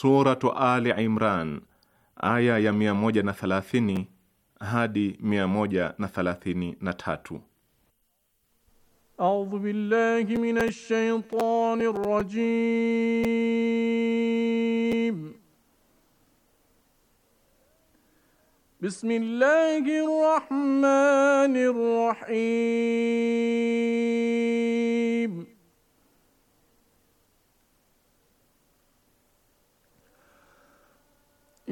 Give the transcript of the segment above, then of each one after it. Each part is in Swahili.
Suratu Ali Imran aya ya 130 hadi 133. A'udhu billahi minash shaitani rrajim. Bismillahir rahmanir rahim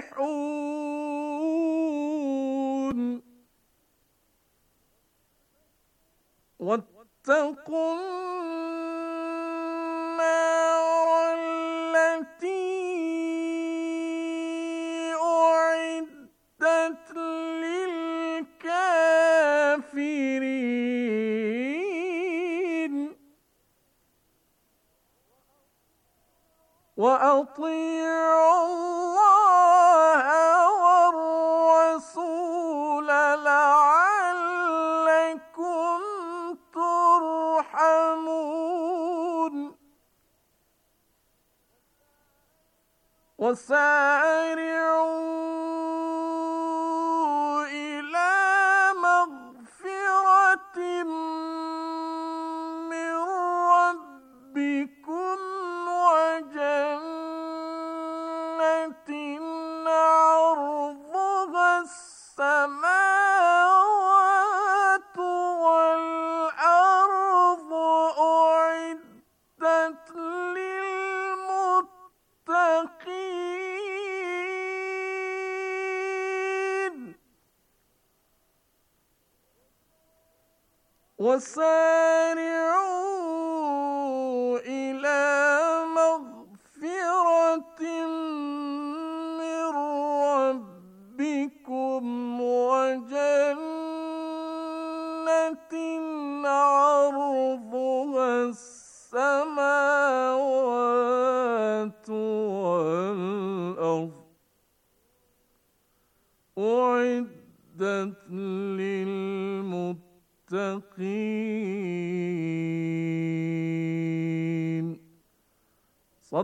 تفلحون واتقوا النار التي أعدت للكافرين وأطيعوا وسارع What's up?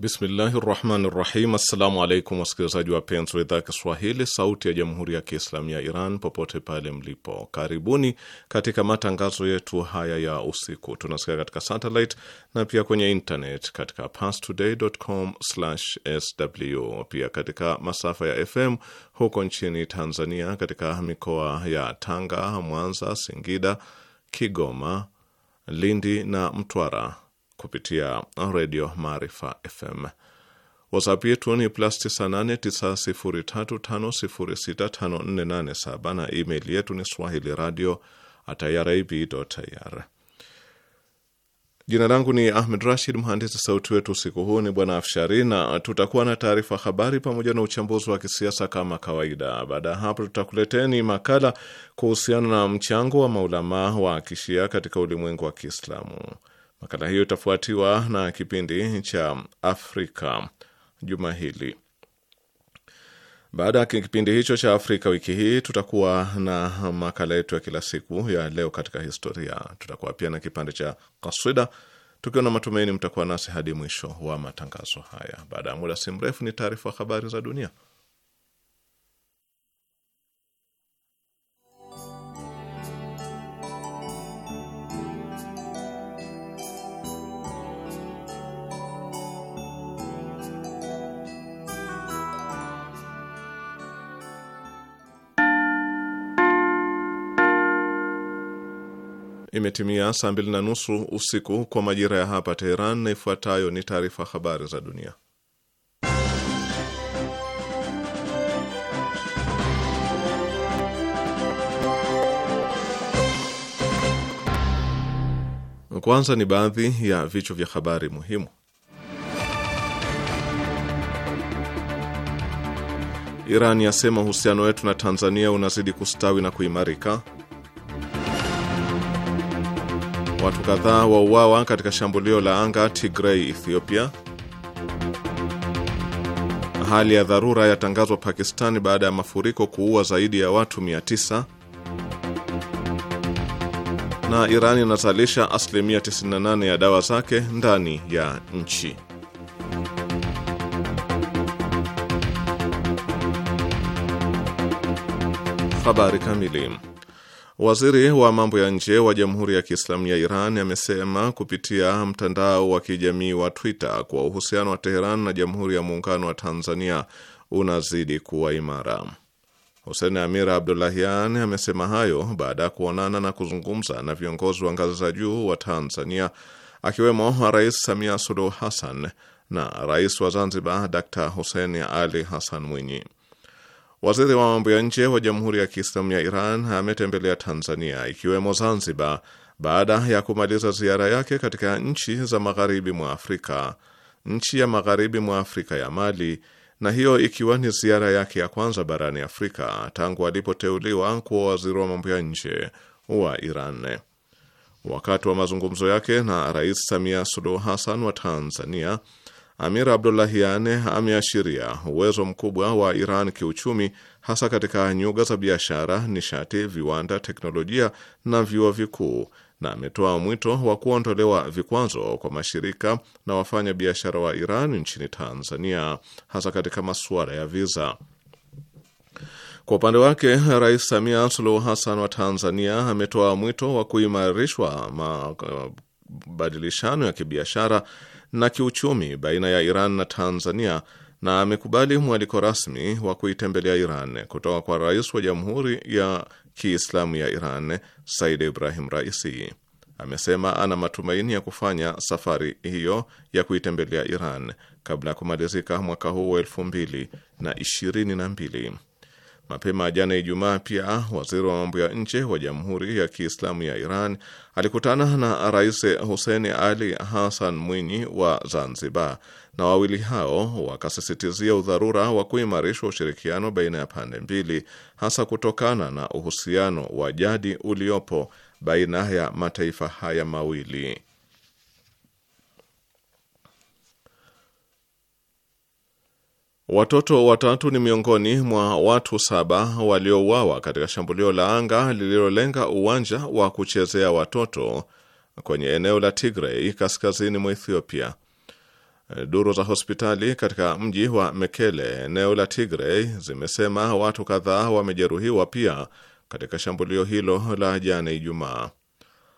Bismillahi rahmani rahim. Assalamu alaikum wasikilizaji wapenzi wa idhaa Kiswahili sauti ya jamhuri ya Kiislamu ya Iran popote pale mlipo, karibuni katika matangazo yetu haya ya usiku. Tunasikia katika satellite na pia kwenye internet katika pastoday.com/sw, pia katika masafa ya FM huko nchini Tanzania katika mikoa ya Tanga, Mwanza, Singida, Kigoma, Lindi na Mtwara kupitia redio Maarifa FM. WhatsApp yetu ni plus 989035065487 na email yetu ni swahili radio irib.ir. Jina langu ni Ahmed Rashid, mhandisi sauti wetu usiku huu ni Bwana Afshari, na tutakuwa na taarifa habari pamoja na uchambuzi wa kisiasa kama kawaida. Baada ya hapo, tutakuleteni makala kuhusiana na mchango wa maulamaa wa kishia katika ulimwengu wa Kiislamu. Makala hiyo itafuatiwa na kipindi cha Afrika juma hili. Baada ya kipindi hicho cha Afrika wiki hii, tutakuwa na makala yetu ya kila siku ya leo katika historia. Tutakuwa pia na kipande cha kaswida, tukiwa na matumaini mtakuwa nasi hadi mwisho wa matangazo haya. Baada ya muda si mrefu, ni taarifa habari za dunia. Imetimia saa mbili na nusu usiku kwa majira ya hapa Teheran, na ifuatayo ni taarifa habari za dunia. Kwanza ni baadhi ya vichwa vya habari muhimu. Iran yasema uhusiano wetu na Tanzania unazidi kustawi na kuimarika. Watu kadhaa wauawa katika shambulio la anga Tigray, Ethiopia. Hali ya dharura yatangazwa Pakistan baada ya mafuriko kuua zaidi ya watu 900. Na Iran inazalisha asilimia 98 ya dawa zake ndani ya nchi. Habari kamili. Waziri wa mambo ya nje wa Jamhuri ya Kiislamu ya Iran amesema kupitia mtandao wa kijamii wa Twitter kuwa uhusiano wa Teheran na Jamhuri ya Muungano wa Tanzania unazidi kuwa imara. Hussein Amir Abdullahian amesema hayo baada ya kuonana na kuzungumza na viongozi wa ngazi za juu wa Tanzania akiwemo Rais Samia Suluhu Hassan na Rais wa Zanzibar Dr. Hussein Ali Hassan Mwinyi. Waziri wa mambo ya nje wa Jamhuri ya Kiislamu ya Iran ametembelea Tanzania ikiwemo Zanzibar baada ya kumaliza ziara yake katika nchi za magharibi mwa Afrika, nchi ya magharibi mwa Afrika ya Mali, na hiyo ikiwa ni ziara yake ya kwanza barani Afrika tangu alipoteuliwa kuwa waziri wa mambo ya nje wa Iran. Wakati wa mazungumzo yake na Rais Samia Suluhu Hassan wa Tanzania Amir Abdollahian ameashiria uwezo mkubwa wa Iran kiuchumi, hasa katika nyuga za biashara, nishati, viwanda, teknolojia na vyuo vikuu, na ametoa mwito wa kuondolewa vikwazo kwa mashirika na wafanya biashara wa Iran nchini Tanzania, hasa katika masuala ya viza. Kwa upande wake Rais Samia Suluhu Hassan wa Tanzania ametoa mwito wa kuimarishwa mabadilishano ya kibiashara na kiuchumi baina ya Iran na Tanzania na amekubali mwaliko rasmi wa kuitembelea Iran kutoka kwa Rais wa Jamhuri ya Kiislamu ya Iran Said Ibrahim Raisi. Amesema ana matumaini ya kufanya safari hiyo ya kuitembelea Iran kabla ya kumalizika mwaka huu wa elfu mbili na ishirini na mbili. Mapema jana Ijumaa pia waziri wa mambo ya nje wa Jamhuri ya Kiislamu ya Iran alikutana na Rais Hussein Ali Hassan Mwinyi wa Zanzibar, na wawili hao wakasisitizia udharura wa kuimarishwa ushirikiano baina ya pande mbili, hasa kutokana na uhusiano wa jadi uliopo baina ya mataifa haya mawili Watoto watatu ni miongoni mwa watu saba waliouawa katika shambulio la anga lililolenga uwanja wa kuchezea watoto kwenye eneo la Tigray kaskazini mwa Ethiopia. Duru za hospitali katika mji wa Mekele, eneo la Tigray, zimesema watu kadhaa wamejeruhiwa pia katika shambulio hilo la jana Ijumaa.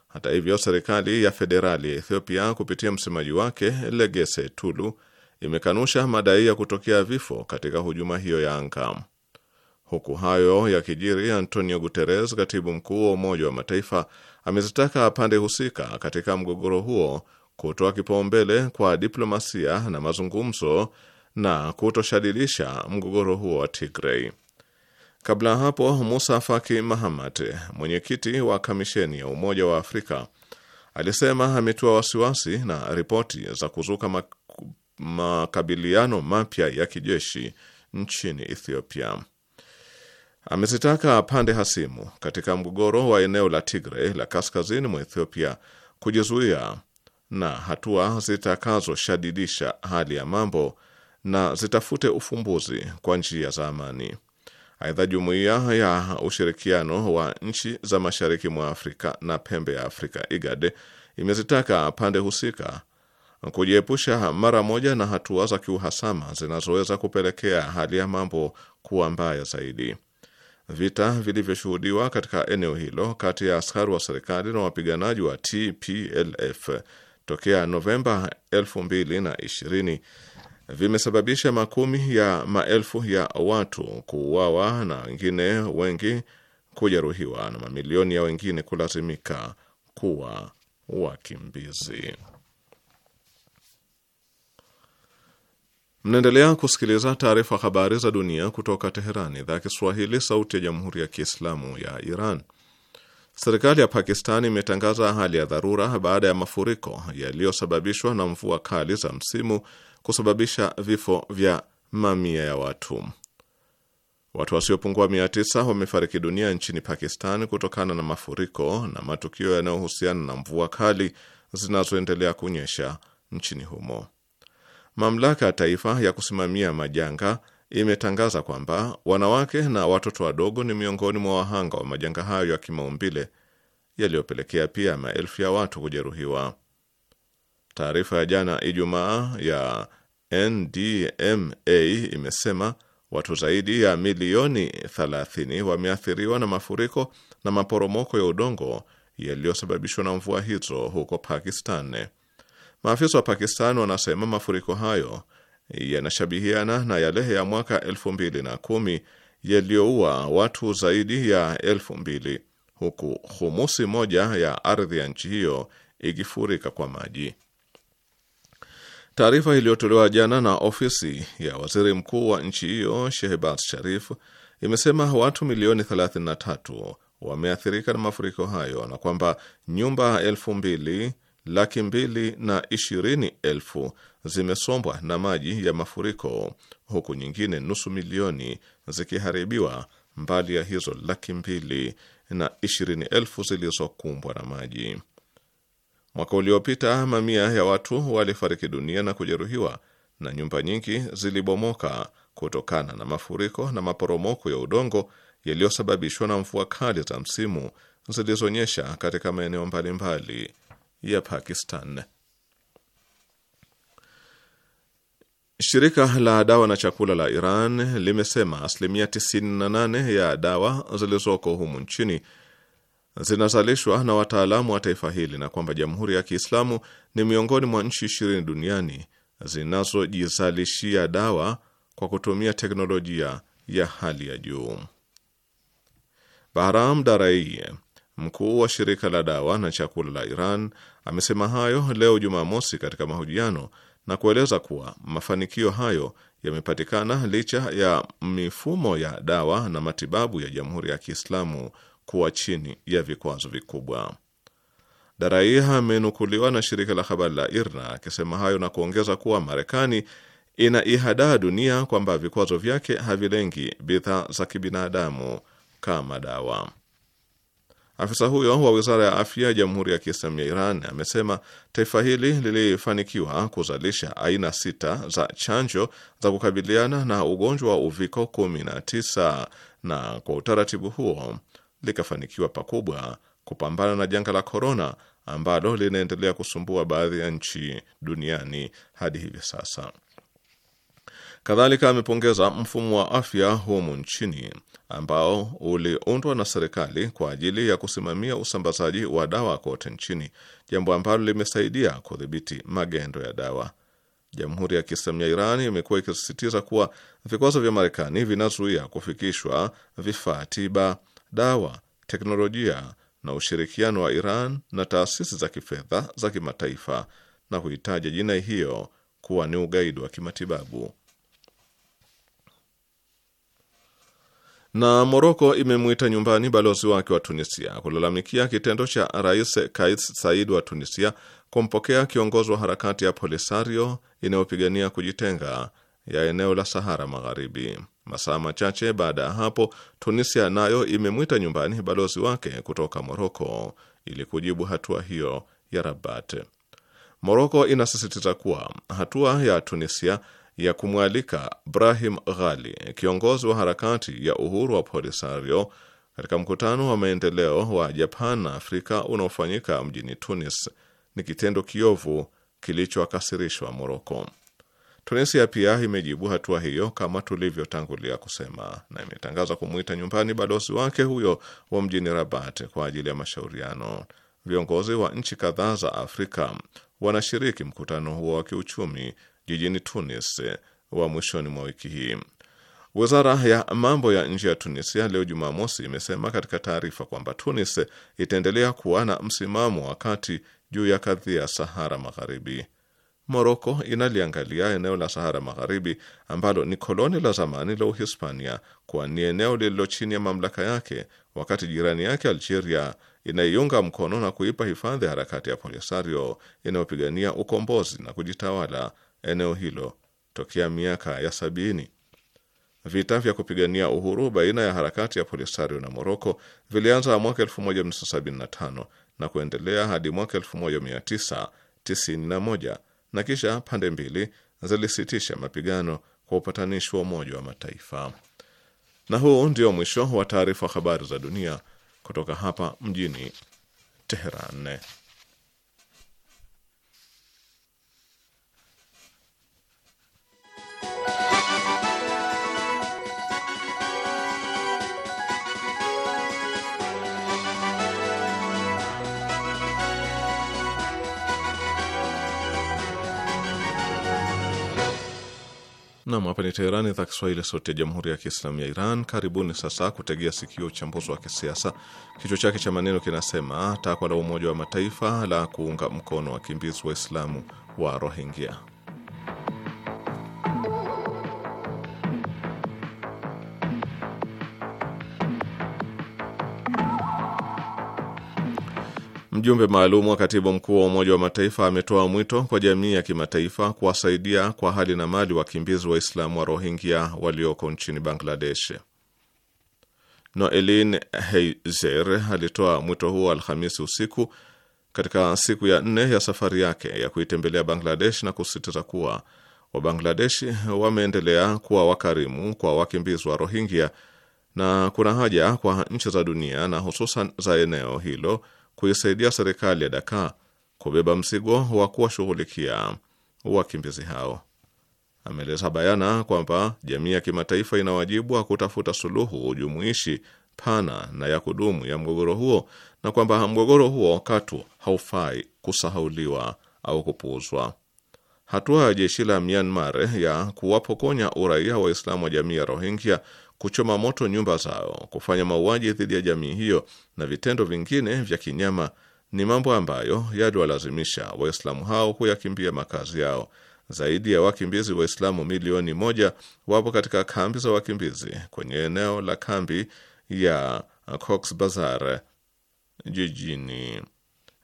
Hata hivyo, serikali ya federali ya Ethiopia kupitia msemaji wake Legese Tulu imekanusha madai ya kutokea vifo katika hujuma hiyo ya anga. Huku hayo yakijiri, Antonio Guterres, katibu mkuu wa Umoja wa Mataifa, amezitaka pande husika katika mgogoro huo kutoa kipaumbele kwa diplomasia na mazungumzo na kutoshadilisha mgogoro huo wa tigrey Kabla hapo, Musa Faki Mahamat, mwenyekiti wa kamisheni ya Umoja wa Afrika, alisema ametua wasiwasi na ripoti za kuzuka makabiliano mapya ya kijeshi nchini Ethiopia. Amezitaka pande hasimu katika mgogoro wa eneo la Tigray la kaskazini mwa Ethiopia kujizuia na hatua zitakazoshadidisha hali ya mambo na zitafute ufumbuzi kwa njia za amani. Aidha, jumuiya ya ushirikiano wa nchi za mashariki mwa Afrika na pembe ya Afrika IGAD imezitaka pande husika kujiepusha mara moja na hatua za kiuhasama zinazoweza kupelekea hali ya mambo kuwa mbaya zaidi. Vita vilivyoshuhudiwa katika eneo hilo kati ya askari wa serikali na wapiganaji wa TPLF tokea Novemba 2020 vimesababisha makumi ya maelfu ya watu kuuawa na wengine wengi kujeruhiwa na mamilioni ya wengine kulazimika kuwa wakimbizi. Mnaendelea kusikiliza taarifa habari za dunia kutoka Teherani, idhaa ya Kiswahili, sauti ya jamhuri ya kiislamu ya Iran. Serikali ya Pakistani imetangaza hali ya dharura baada ya mafuriko yaliyosababishwa na mvua kali za msimu kusababisha vifo vya mamia ya watu. Watu wasiopungua mia tisa wamefariki dunia nchini Pakistan kutokana na mafuriko na matukio yanayohusiana na mvua kali zinazoendelea kunyesha nchini humo. Mamlaka ya Taifa ya Kusimamia Majanga imetangaza kwamba wanawake na watoto wadogo ni miongoni mwa wahanga wa majanga hayo ya kimaumbile yaliyopelekea pia maelfu ya watu kujeruhiwa. Taarifa ya jana Ijumaa ya NDMA imesema watu zaidi ya milioni 30 wameathiriwa na mafuriko na maporomoko ya udongo yaliyosababishwa na mvua hizo huko Pakistan. Maafisa wa Pakistan wanasema mafuriko hayo yanashabihiana na yale ya mwaka elfu mbili na kumi yaliyoua watu zaidi ya elfu mbili huku humusi moja ya ardhi ya nchi hiyo ikifurika kwa maji. Taarifa iliyotolewa jana na ofisi ya waziri mkuu wa nchi hiyo Shehbaz Sharif imesema watu milioni 33 wameathirika na mafuriko hayo na kwamba nyumba elfu mbili laki mbili na ishirini elfu zimesombwa na maji ya mafuriko huku nyingine nusu milioni zikiharibiwa, mbali ya hizo laki mbili na ishirini elfu zilizokumbwa na maji. Mwaka uliopita mamia ya watu walifariki dunia na kujeruhiwa na nyumba nyingi zilibomoka kutokana na mafuriko na maporomoko ya udongo yaliyosababishwa na mvua kali za msimu zilizonyesha katika maeneo mbalimbali ya Pakistan. Shirika la dawa na chakula la Iran limesema asilimia 98 ya dawa zilizoko humu nchini zinazalishwa na wataalamu wa taifa hili na kwamba Jamhuri ya Kiislamu ni miongoni mwa nchi ishirini duniani zinazojizalishia dawa kwa kutumia teknolojia ya hali ya juu. Bahram Daraiye Mkuu wa shirika la dawa na chakula la Iran amesema hayo leo Jumamosi katika mahojiano na kueleza kuwa mafanikio hayo yamepatikana licha ya mifumo ya dawa na matibabu ya Jamhuri ya Kiislamu kuwa chini ya vikwazo vikubwa. darai amenukuliwa na shirika la habari la IRNA akisema hayo na kuongeza kuwa Marekani inaihadaa dunia kwamba vikwazo vyake havilengi bidhaa za kibinadamu kama dawa. Afisa huyo wa wizara ya afya ya Jamhuri ya Kiislamu ya Iran amesema taifa hili lilifanikiwa kuzalisha aina sita za chanjo za kukabiliana na ugonjwa wa uviko 19 na kwa utaratibu huo likafanikiwa pakubwa kupambana na janga la korona ambalo linaendelea kusumbua baadhi ya nchi duniani hadi hivi sasa. Kadhalika amepongeza mfumo wa afya humu nchini ambao uliundwa na serikali kwa ajili ya kusimamia usambazaji wa dawa kote nchini, jambo ambalo limesaidia kudhibiti magendo ya dawa. Jamhuri ya Kiislamu ya Iran imekuwa ikisisitiza kuwa vikwazo vya Marekani vinazuia kufikishwa vifaa tiba, dawa, teknolojia na ushirikiano wa Iran na taasisi za kifedha za kimataifa na kuhitaja jinai hiyo kuwa ni ugaidi wa kimatibabu. na Moroko imemwita nyumbani balozi wake wa Tunisia kulalamikia kitendo cha Rais Kais said wa Tunisia kumpokea kiongozi wa harakati ya Polisario inayopigania kujitenga ya eneo la Sahara Magharibi. Masaa machache baada ya hapo, Tunisia nayo imemwita nyumbani balozi wake kutoka Moroko ili kujibu hatua hiyo ya Rabat. Moroko inasisitiza kuwa hatua ya Tunisia ya kumwalika Brahim Ghali, kiongozi wa harakati ya uhuru wa Polisario, katika mkutano wa maendeleo wa Japan na Afrika unaofanyika mjini Tunis ni kitendo kiovu kilichowakasirishwa Moroko. Tunisia pia imejibu hatua hiyo kama tulivyotangulia kusema, na imetangaza kumwita nyumbani balozi wake huyo wa mjini Rabat kwa ajili ya mashauriano. Viongozi wa nchi kadhaa za Afrika wanashiriki mkutano huo wa kiuchumi jijini Tunis wa mwishoni mwa wiki hii. Wizara ya mambo ya nje ya Tunisia leo Jumamosi imesema katika taarifa kwamba Tunis itaendelea kuwa na msimamo wa kati juu ya kadhia ya Sahara Magharibi. Moroko inaliangalia eneo la Sahara Magharibi ambalo ni koloni la zamani la Uhispania kuwa ni eneo lililo chini ya mamlaka yake, wakati jirani yake Algeria inaiunga mkono na kuipa hifadhi harakati ya Polisario inayopigania ukombozi na kujitawala eneo hilo tokea miaka ya sabini. Vita vya kupigania uhuru baina ya harakati ya Polisario na Moroko vilianza mwaka 1975 na kuendelea hadi mwaka 1991 na kisha pande mbili zilisitisha mapigano kwa upatanishi wa Umoja wa Mataifa. Na huu ndio mwisho wa taarifa habari za dunia kutoka hapa mjini Teheran. Nam, hapa ni Teherani, idhaa Kiswahili, sauti ya jamhuri ya kiislamu ya Iran. Karibuni sasa kutegea sikio uchambuzi wa kisiasa, kichwa chake cha maneno kinasema takwa la Umoja wa Mataifa la kuunga mkono wakimbizi Waislamu wa Rohingya. Mjumbe maalum wa katibu mkuu wa Umoja wa Mataifa ametoa mwito kwa jamii ya kimataifa kuwasaidia kwa hali na mali wakimbizi Waislamu wa Rohingya walioko nchini Bangladesh. Noelin Heizer alitoa mwito huo Alhamisi usiku katika siku ya nne ya safari yake ya kuitembelea Bangladesh na kusisitiza kuwa Wabangladeshi wameendelea kuwa wakarimu kwa wakimbizi wa Rohingya na kuna haja kwa nchi za dunia na hususan za eneo hilo kuisaidia serikali ya Daka kubeba mzigo wa kuwashughulikia wakimbizi hao. Ameeleza bayana kwamba jamii ya kimataifa ina wajibu wa kutafuta suluhu jumuishi pana na ya kudumu ya mgogoro huo na kwamba mgogoro huo katu haufai kusahauliwa au kupuuzwa. Hatua ya jeshi la Myanmar ya kuwapokonya uraia Waislamu wa jamii ya Rohingya kuchoma moto nyumba zao, kufanya mauaji dhidi ya jamii hiyo na vitendo vingine vya kinyama ni mambo ambayo yaliwalazimisha Waislamu hao kuyakimbia makazi yao. Zaidi ya wakimbizi Waislamu milioni moja wapo katika kambi za wakimbizi kwenye eneo la kambi ya Cox Bazar jijini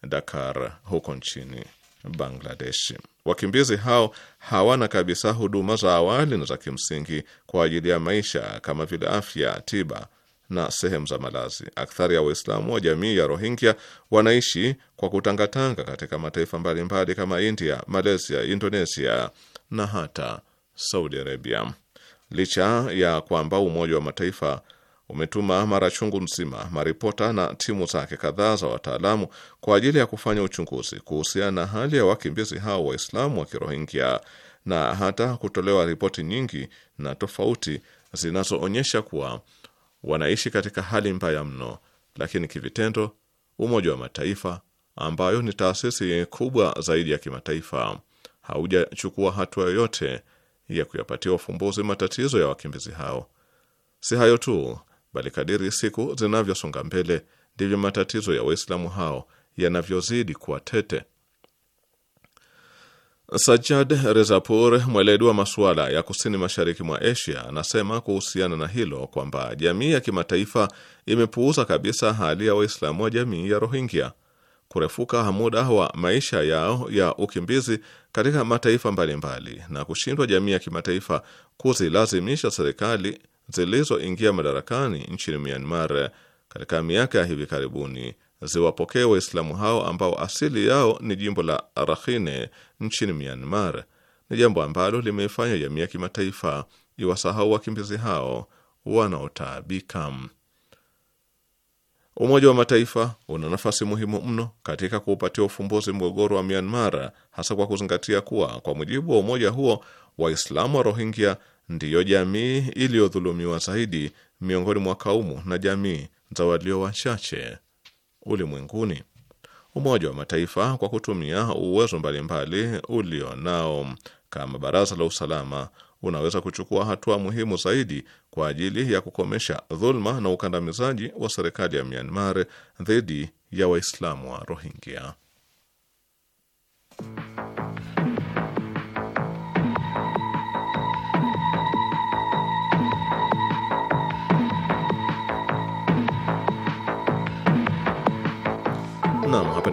Dakar huko nchini Bangladesh. Wakimbizi hao hawana kabisa huduma za awali na za kimsingi kwa ajili ya maisha kama vile afya, tiba na sehemu za malazi. Akthari ya Waislamu wa jamii ya Rohingya wanaishi kwa kutangatanga katika mataifa mbalimbali kama India, Malaysia, Indonesia na hata Saudi Arabia. Licha ya kwamba Umoja wa Mataifa umetuma mara chungu mzima maripota na timu zake kadhaa za wataalamu kwa ajili ya kufanya uchunguzi kuhusiana na hali ya wakimbizi hao Waislamu wa Kirohingya na hata kutolewa ripoti nyingi na tofauti zinazoonyesha kuwa wanaishi katika hali mbaya mno, lakini kivitendo Umoja wa Mataifa ambayo ni taasisi kubwa zaidi ya kimataifa haujachukua hatua yoyote ya kuyapatia ufumbuzi matatizo ya wakimbizi hao. Si hayo tu, bali kadiri siku zinavyosonga mbele ndivyo matatizo ya Waislamu hao yanavyozidi kuwa tete. Sajjad rezapor mweledi wa masuala ya kusini mashariki mwa Asia, anasema kuhusiana na hilo kwamba jamii ya kimataifa imepuuza kabisa hali ya Waislamu wa jamii ya Rohingya. Kurefuka muda wa maisha yao ya ukimbizi katika mataifa mbalimbali mbali, na kushindwa jamii ya kimataifa kuzilazimisha serikali zilizoingia madarakani nchini Myanmar katika miaka ya hivi karibuni ziwapokee Waislamu hao ambao asili yao ni jimbo la Rakhine nchini Myanmar ni jambo ambalo limeifanya jamii ya kimataifa iwasahau wakimbizi hao wanaotaabika. Umoja wa Mataifa una nafasi muhimu mno katika kuupatia ufumbuzi mgogoro wa Myanmar, hasa kwa kuzingatia kuwa kwa mujibu wa umoja huo Waislamu wa Rohingya ndiyo jamii iliyodhulumiwa zaidi miongoni mwa kaumu na jamii za walio wachache ulimwenguni. Umoja wa Mataifa kwa kutumia uwezo mbalimbali ulio nao kama Baraza la Usalama unaweza kuchukua hatua muhimu zaidi kwa ajili ya kukomesha dhulma na ukandamizaji wa serikali ya Myanmar dhidi ya Waislamu wa Rohingya.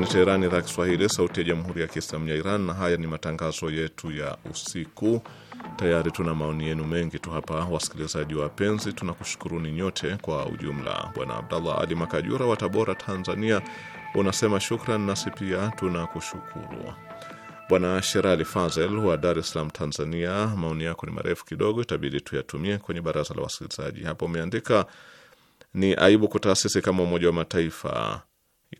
ni Teherani, idhaa Kiswahili, sauti ya jamhuri ya kiislamu ya Iran, na haya ni matangazo yetu ya usiku. Tayari tuna maoni yenu mengi tu hapa, wasikilizaji wapenzi, tunakushukuruni nyote kwa ujumla. Bwana Abdallah Ali Makajura wa Tabora, Tanzania, unasema shukran, nasi pia tunakushukuru. Bwana Sherali Fazel wa Dar es Salaam, Tanzania, maoni yako ni marefu kidogo, itabidi tuyatumie kwenye baraza la wasikilizaji. Hapo umeandika ni aibu kwa taasisi kama Umoja wa Mataifa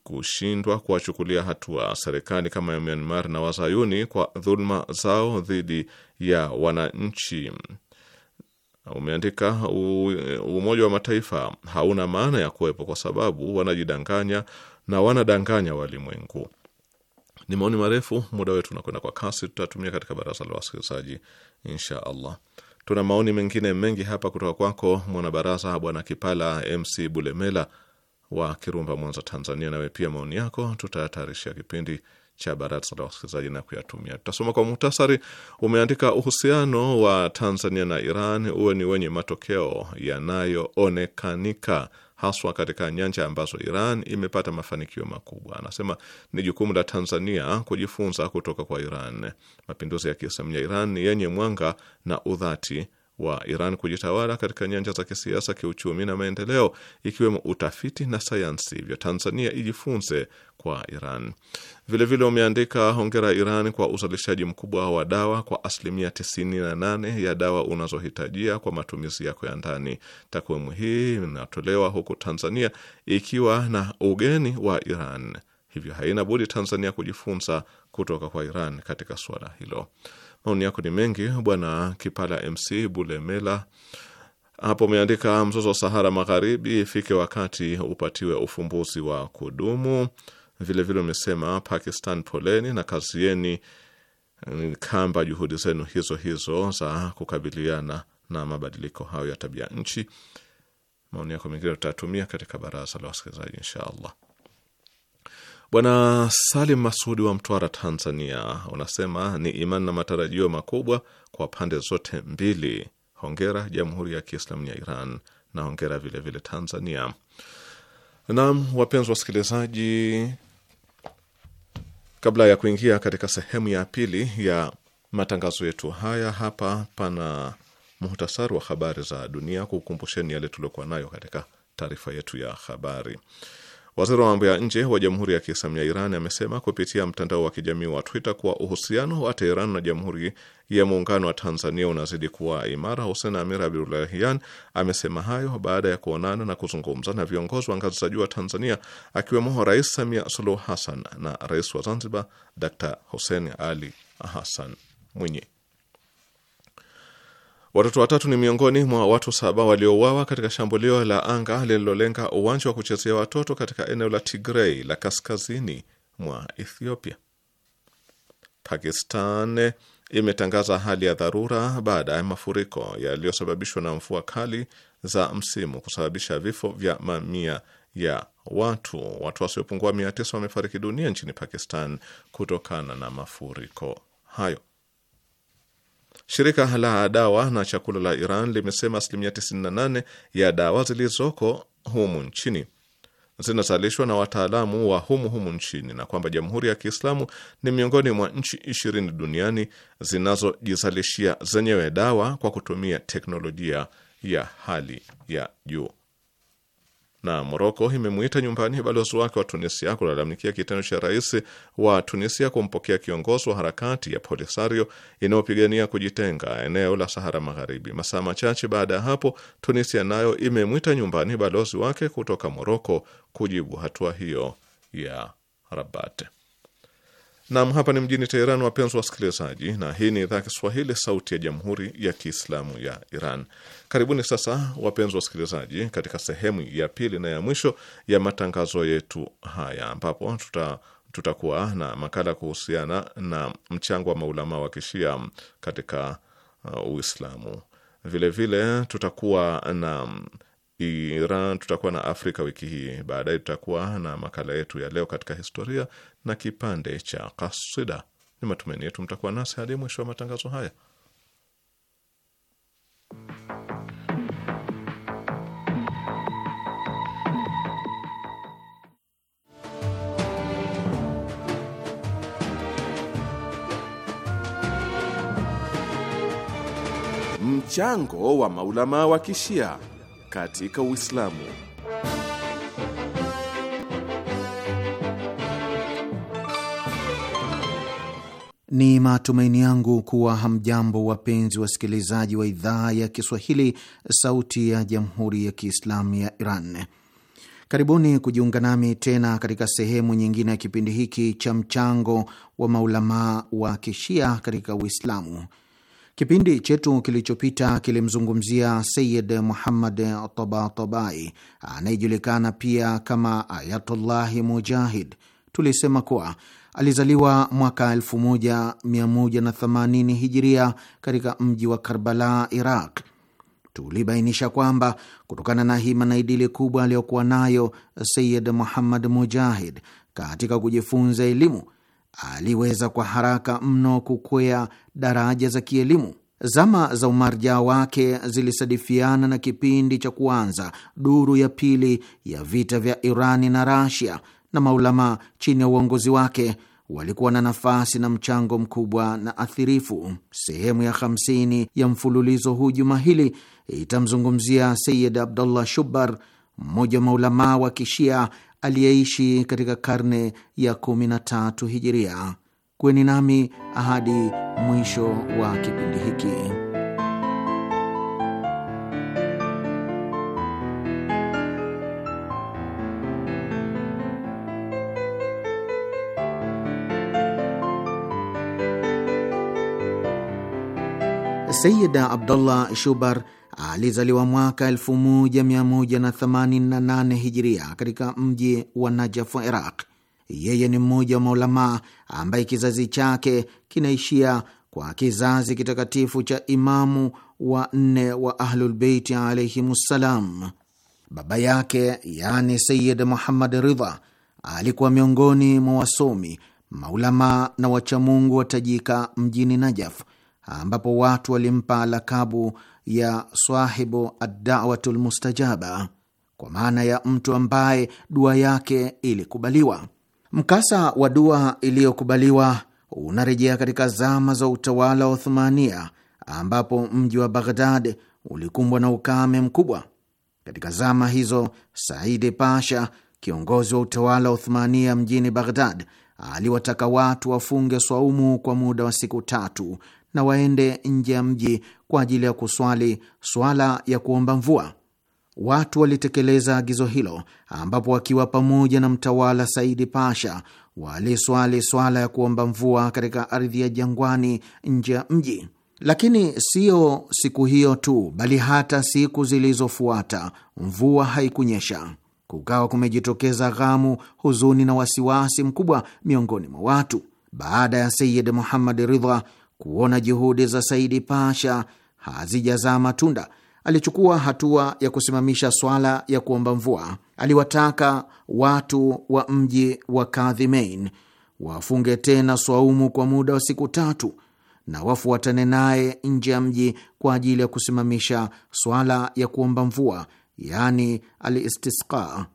kushindwa kuwachukulia hatua serikali kama ya Myanmar na wazayuni kwa dhuluma zao dhidi ya wananchi. Umeandika Umoja wa Mataifa hauna maana ya kuwepo kwa sababu wanajidanganya na wanadanganya walimwengu. Ni maoni marefu, muda wetu unakwenda kwa kasi, tutatumia katika baraza la wasikilizaji insha Allah. Tuna maoni mengine mengi hapa kutoka kwako mwanabaraza Bwana Kipala MC Bulemela wa Kirumba, Mwanza, Tanzania. Nawe pia maoni yako tutayatayarishia kipindi cha baraza la wasikilizaji na kuyatumia. Tutasoma kwa muhtasari. Umeandika, uhusiano wa Tanzania na Iran uwe ni wenye matokeo yanayoonekanika haswa katika nyanja ambazo Iran imepata mafanikio makubwa. Anasema ni jukumu la Tanzania kujifunza kutoka kwa Iran. Mapinduzi ya Kiislamu ya Iran ni yenye mwanga na udhati wa Iran kujitawala katika nyanja za kisiasa, kiuchumi na maendeleo, ikiwemo utafiti na sayansi, vya Tanzania ijifunze kwa Iran. Vilevile umeandika hongera Iran kwa uzalishaji mkubwa wa dawa kwa asilimia 98 ya dawa unazohitajia kwa matumizi yako ya ndani. Takwimu hii inatolewa huku Tanzania ikiwa na ugeni wa Iran, hivyo haina budi Tanzania kujifunza kutoka kwa Iran katika suala hilo. Maoni yako ni mengi, bwana Kipala MC Bulemela hapo umeandika mzozo wa Sahara Magharibi ifike wakati upatiwe ufumbuzi wa kudumu. Vilevile umesema Pakistan, poleni na kazi yeni eh, kamba juhudi zenu hizo hizo za kukabiliana na mabadiliko hayo ya tabia nchi. Maoni yako mengine tutayatumia katika baraza la wasikilizaji, insha allah. Bwana Salim Masudi wa Mtwara, Tanzania, unasema ni imani na matarajio makubwa kwa pande zote mbili. Hongera Jamhuri ya Kiislamu ya Iran na hongera vilevile vile Tanzania. Naam, wapenzi wasikilizaji, kabla ya kuingia katika sehemu ya pili ya matangazo yetu haya, hapa pana muhtasari wa habari za dunia, kukumbusheni yale tuliokuwa nayo katika taarifa yetu ya habari. Waziri wa mambo ya nje wa Jamhuri ya Kiislamu ya Iran amesema kupitia mtandao wa kijamii wa Twitter kuwa uhusiano wa Teheran na Jamhuri ya Muungano wa Tanzania unazidi kuwa imara. Hussein Amir Abdullahian amesema hayo baada ya kuonana na kuzungumza na viongozi wa ngazi za juu wa Tanzania, akiwemo Rais Samia Suluhu Hassan na Rais wa Zanzibar Dr Hussein Ali Hassan Mwinyi. Watoto watatu ni miongoni mwa watu saba waliouawa katika shambulio la anga lililolenga uwanja wa kuchezea watoto katika eneo la Tigrei la kaskazini mwa Ethiopia. Pakistan imetangaza hali ya dharura baada ya mafuriko yaliyosababishwa na mvua kali za msimu kusababisha vifo vya mamia ya watu. Watu wasiopungua mia tisa wamefariki dunia nchini Pakistan kutokana na mafuriko hayo. Shirika la dawa na chakula la Iran limesema asilimia 98 ya dawa zilizoko humu nchini zinazalishwa na wataalamu wa humu humu nchini na kwamba Jamhuri ya Kiislamu ni miongoni mwa nchi ishirini duniani zinazojizalishia zenyewe dawa kwa kutumia teknolojia ya hali ya juu na Moroko imemwita nyumbani balozi wake wa Tunisia kulalamikia kitendo cha rais wa Tunisia kumpokea kiongozi wa harakati ya Polisario inayopigania kujitenga eneo la Sahara Magharibi. Masaa machache baada ya hapo, Tunisia nayo imemwita nyumbani balozi wake kutoka Moroko kujibu hatua hiyo ya Rabat. Nam, hapa ni mjini Teheran, wapenzi wasikilizaji, na hii ni idhaa Kiswahili, sauti ya jamhuri ya kiislamu ya Iran. Karibuni sasa, wapenzi wasikilizaji, katika sehemu ya pili na ya mwisho ya matangazo yetu haya ambapo tuta tutakuwa na makala kuhusiana na mchango wa maulama wa kishia katika uh, Uislamu. Vilevile tutakuwa na Iran, tutakuwa na Afrika wiki hii. Baadaye tutakuwa na makala yetu ya leo katika historia, na kipande cha kasida. Ni matumaini yetu mtakuwa nasi hadi mwisho wa matangazo haya. Mchango wa maulama wa kishia katika Uislamu. Ni matumaini yangu kuwa hamjambo, wapenzi wasikilizaji wa idhaa ya Kiswahili, Sauti ya Jamhuri ya Kiislamu ya Iran. Karibuni kujiunga nami tena katika sehemu nyingine ya kipindi hiki cha mchango wa maulamaa wa kishia katika Uislamu. Kipindi chetu kilichopita kilimzungumzia Sayid Muhammad Tabatabai anayejulikana pia kama Ayatullahi Mujahid. Tulisema kuwa Alizaliwa mwaka 1180 hijiria katika mji wa Karbala, Iraq. Tulibainisha kwamba kutokana na hima na idili kubwa aliyokuwa nayo Sayid Muhammad Mujahid katika kujifunza elimu, aliweza kwa haraka mno kukwea daraja za kielimu. Zama za umarja wake zilisadifiana na kipindi cha kuanza duru ya pili ya vita vya Irani na Rasia na maulamaa chini ya uongozi wake walikuwa na nafasi na mchango mkubwa na athirifu. Sehemu ya 50 ya mfululizo huu juma hili itamzungumzia Sayid Abdullah Shubar, mmoja wa maulamaa wa kishia aliyeishi katika karne ya 13 hijiria. Kuweni nami ahadi mwisho wa kipindi hiki. Sayida Abdullah Shubar alizaliwa mwaka 1188 Hijiria katika mji wa Najaf wa Iraq. Yeye ni mmoja wa maulamaa ambaye kizazi chake kinaishia kwa kizazi kitakatifu cha imamu wa nne wa Ahlulbeiti alaihimussalam. Baba yake yani Sayid Muhammad Ridha alikuwa miongoni mwa wasomi, maulamaa na wachamungu watajika mjini Najaf ambapo watu walimpa lakabu ya swahibu Adawatu lmustajaba, kwa maana ya mtu ambaye dua yake ilikubaliwa. Mkasa wa dua iliyokubaliwa unarejea katika zama za utawala wa Uthumania, ambapo mji wa Baghdad ulikumbwa na ukame mkubwa. Katika zama hizo, Saidi Pasha, kiongozi wa utawala wa Uthumania mjini Baghdad, aliwataka watu wafunge swaumu kwa muda wa siku tatu na waende nje ya mji kwa ajili ya kuswali swala ya kuomba mvua. Watu walitekeleza agizo hilo, ambapo wakiwa pamoja na mtawala Saidi Pasha waliswali swala ya kuomba mvua katika ardhi ya jangwani nje ya mji. Lakini siyo siku hiyo tu, bali hata siku zilizofuata mvua haikunyesha. Kukawa kumejitokeza ghamu, huzuni na wasiwasi mkubwa miongoni mwa watu baada ya Sayid Muhammad Ridha kuona juhudi za Saidi Pasha hazijazaa matunda, alichukua hatua ya kusimamisha swala ya kuomba mvua. Aliwataka watu wa mji wa Kadhimain wafunge tena swaumu kwa muda wa siku tatu na wafuatane naye nje ya mji kwa ajili ya kusimamisha swala ya kuomba mvua, yani alistisqa.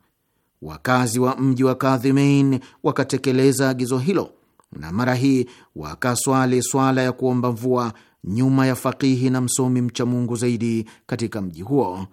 Wakazi wa mji wa Kadhimain wakatekeleza agizo hilo na mara hii wakaswali swala ya kuomba mvua nyuma ya fakihi na msomi mcha Mungu zaidi katika mji huo.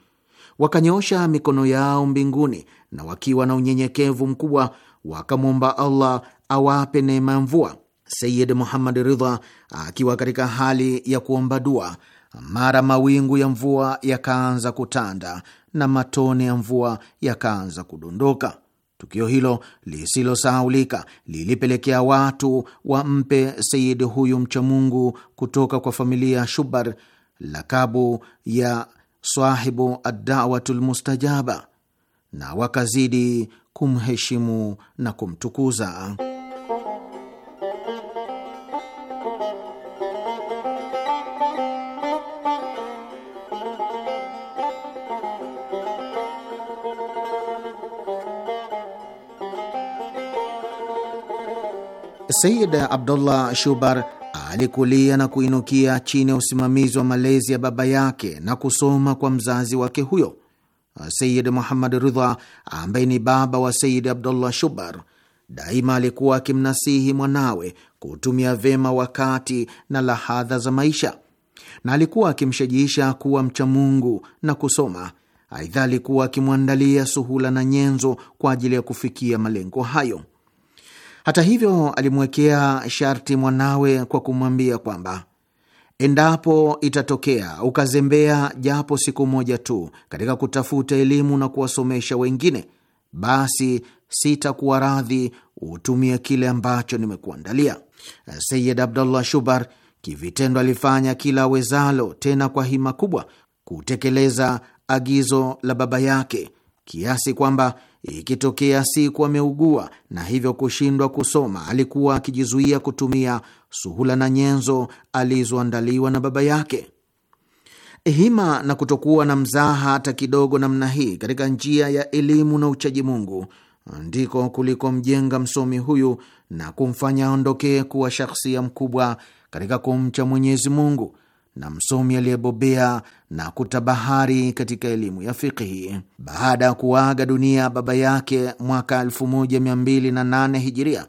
Wakanyoosha mikono yao mbinguni na wakiwa na unyenyekevu mkubwa wakamwomba Allah awape neema ya mvua. Sayid Muhammad Ridha akiwa katika hali ya kuomba dua, mara mawingu ya mvua yakaanza kutanda na matone ya mvua yakaanza kudondoka. Tukio hilo lisilosahaulika lilipelekea watu wampe Sayid huyu mchamungu kutoka kwa familia ya Shubar lakabu ya sahibu adawatu lmustajaba, na wakazidi kumheshimu na kumtukuza. Sayid Abdullah Shubar alikulia na kuinukia chini ya usimamizi wa malezi ya baba yake na kusoma kwa mzazi wake huyo. Sayid Muhammad Ridha, ambaye ni baba wa Sayid Abdullah Shubar, daima alikuwa akimnasihi mwanawe kutumia vyema wakati na lahadha za maisha, na alikuwa akimshajiisha kuwa mcha Mungu na kusoma. Aidha, alikuwa akimwandalia suhula na nyenzo kwa ajili ya kufikia malengo hayo. Hata hivyo, alimwekea sharti mwanawe kwa kumwambia kwamba endapo itatokea ukazembea japo siku moja tu katika kutafuta elimu na kuwasomesha wengine, basi sitakuwa radhi utumie kile ambacho nimekuandalia. Sayid Abdullah Shubar kivitendo alifanya kila awezalo, tena kwa hima kubwa, kutekeleza agizo la baba yake kiasi kwamba Ikitokea siku ameugua na hivyo kushindwa kusoma, alikuwa akijizuia kutumia suhula na nyenzo alizoandaliwa na baba yake. Hima na kutokuwa na mzaha hata kidogo namna hii katika njia ya elimu na uchaji Mungu ndiko kulikomjenga msomi huyu na kumfanya aondokee kuwa shakhsia mkubwa katika kumcha Mwenyezi Mungu na msomi aliyebobea na kutabahari katika elimu ya fiqhi. Baada ya kuaga dunia baba yake mwaka 1208 Hijiria,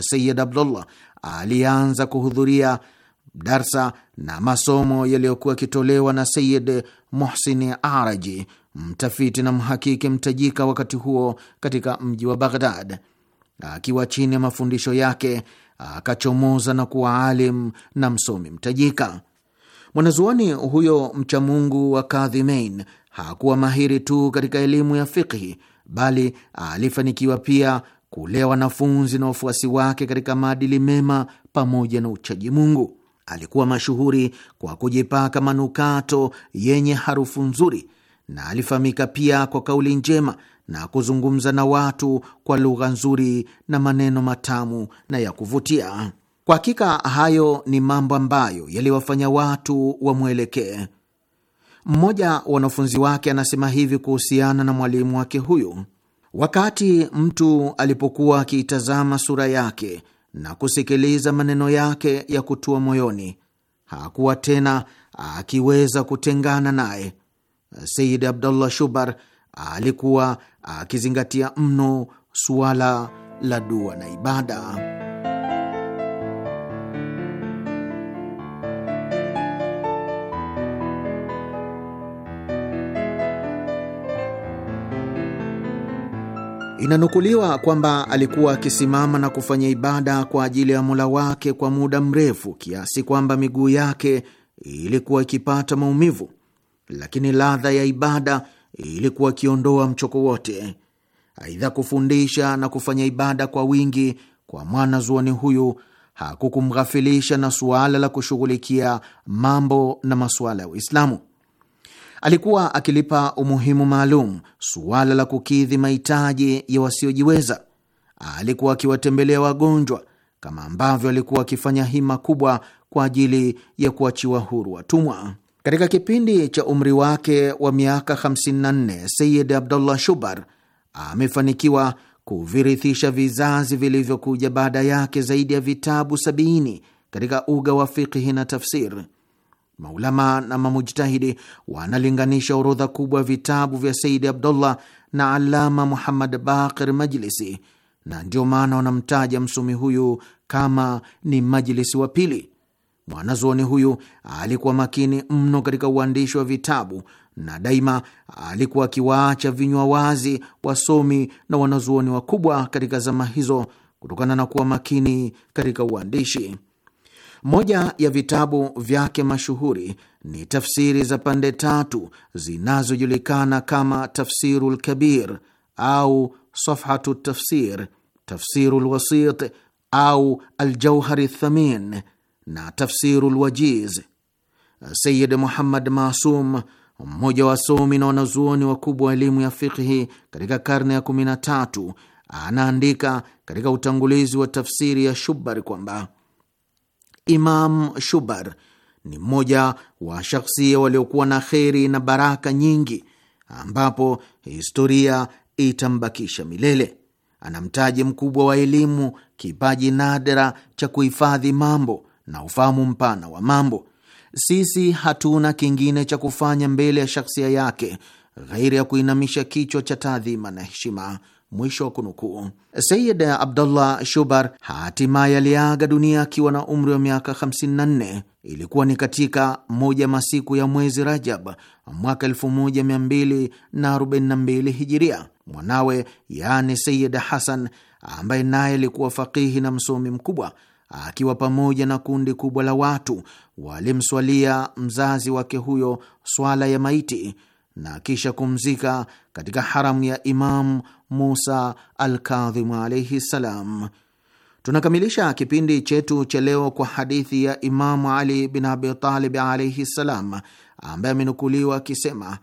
Sayid Abdullah alianza kuhudhuria darsa na masomo yaliyokuwa akitolewa na Sayid Muhsin Araji, mtafiti na mhakiki mtajika wakati huo katika mji wa Baghdad. Akiwa chini ya mafundisho yake akachomoza na kuwa alim na msomi mtajika. Mwanazuoni huyo mchamungu wa Kadhimain hakuwa mahiri tu katika elimu ya fikhi bali alifanikiwa pia kulea wanafunzi na wafuasi wake katika maadili mema pamoja na uchaji Mungu. Alikuwa mashuhuri kwa kujipaka manukato yenye harufu nzuri na alifahamika pia kwa kauli njema na kuzungumza na watu kwa lugha nzuri na maneno matamu na ya kuvutia. Kwa hakika hayo ni mambo ambayo yaliwafanya watu wamwelekee. Mmoja wa wanafunzi wake anasema hivi kuhusiana na mwalimu wake huyu: wakati mtu alipokuwa akiitazama sura yake na kusikiliza maneno yake ya kutua moyoni, hakuwa tena akiweza kutengana naye. Sayid Abdullah Shubar alikuwa akizingatia mno suala la dua na ibada. Inanukuliwa kwamba alikuwa akisimama na kufanya ibada kwa ajili ya Mola wake kwa muda mrefu kiasi kwamba miguu yake ilikuwa ikipata maumivu, lakini ladha ya ibada ilikuwa ikiondoa mchoko wote. Aidha, kufundisha na kufanya ibada kwa wingi kwa mwanazuoni huyu hakukumghafilisha na suala la kushughulikia mambo na masuala ya Uislamu. Alikuwa akilipa umuhimu maalum suala la kukidhi mahitaji ya wasiojiweza. Alikuwa akiwatembelea wagonjwa, kama ambavyo alikuwa akifanya hima kubwa kwa ajili ya kuachiwa huru watumwa. Katika kipindi cha umri wake wa miaka 54 Sayid Abdullah Shubar amefanikiwa kuvirithisha vizazi vilivyokuja baada yake zaidi ya vitabu 70 katika uga wa fikhi na tafsir. Maulama na mamujtahidi wanalinganisha orodha kubwa ya vitabu vya Saidi Abdullah na Alama Muhammad Baqir Majlisi, na ndio maana wanamtaja msomi huyu kama ni Majlisi wa pili. Mwanazuoni huyu alikuwa makini mno katika uandishi wa vitabu na daima alikuwa akiwaacha vinywa wazi wasomi na wanazuoni wakubwa katika zama hizo kutokana na kuwa makini katika uandishi. Moja ya vitabu vyake mashuhuri ni tafsiri za pande tatu zinazojulikana kama Tafsiru lkabir au Safhatu Tafsir, Tafsiru lwasit au Aljauhari Thamin na Tafsiru lwajiz. Sayid Muhammad Masum, mmoja wa somi na wanazuoni wakubwa wa elimu ya fikhi katika karne ya 13, anaandika katika utangulizi wa tafsiri ya Shubari kwamba Imam Shubar ni mmoja wa shakhsia waliokuwa na kheri na baraka nyingi, ambapo historia itambakisha milele. Ana mtaji mkubwa wa elimu, kipaji nadra cha kuhifadhi mambo na ufahamu mpana wa mambo. Sisi hatuna kingine cha kufanya mbele ya shakhsia yake ghairi ya kuinamisha kichwa cha taadhima na heshima. Mwisho wa kunukuu. Sayid Abdullah Shubar hatimaye aliaga dunia akiwa na umri wa miaka 54. Ilikuwa ni katika moja masiku ya mwezi Rajab mwaka 1242 Hijiria. Mwanawe yaani Sayid Hasan, ambaye naye alikuwa fakihi na msomi mkubwa, akiwa pamoja na kundi kubwa la watu, walimswalia mzazi wake huyo swala ya maiti na kisha kumzika katika haramu ya Imam Musa Alkadhimu alaihi ssalam. Tunakamilisha kipindi chetu cha leo kwa hadithi ya Imamu Ali bin Abitalib alaihi ssalam, ambaye amenukuliwa akisema,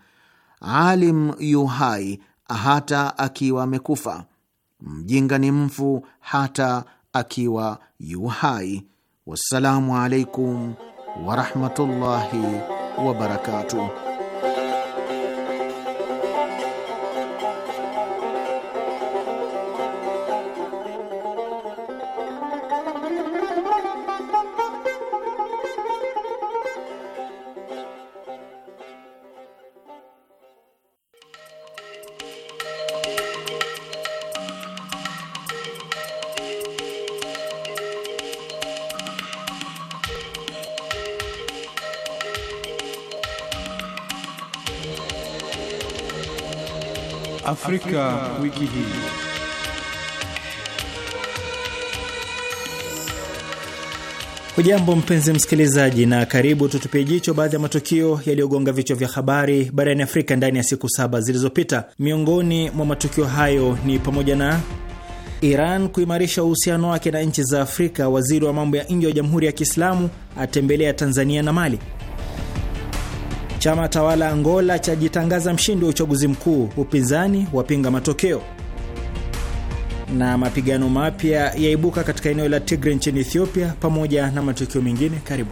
alim yu hai hata akiwa amekufa, mjinga ni mfu hata akiwa yu hai. Wassalamu alaikum warahmatullahi wabarakatuh. Afrika, wiki hii. Hujambo mpenzi msikilizaji, na karibu tutupie jicho baadhi ya matukio yaliyogonga vichwa vya habari barani Afrika ndani ya siku saba zilizopita. Miongoni mwa matukio hayo ni pamoja na Iran kuimarisha uhusiano wake na nchi za Afrika, waziri wa mambo ya nje wa Jamhuri ya Kiislamu atembelea Tanzania na Mali. Chama tawala Angola chajitangaza mshindi wa uchaguzi mkuu, upinzani wapinga matokeo. Na mapigano mapya yaibuka katika eneo la tigre nchini Ethiopia, pamoja na matukio mengine. Karibu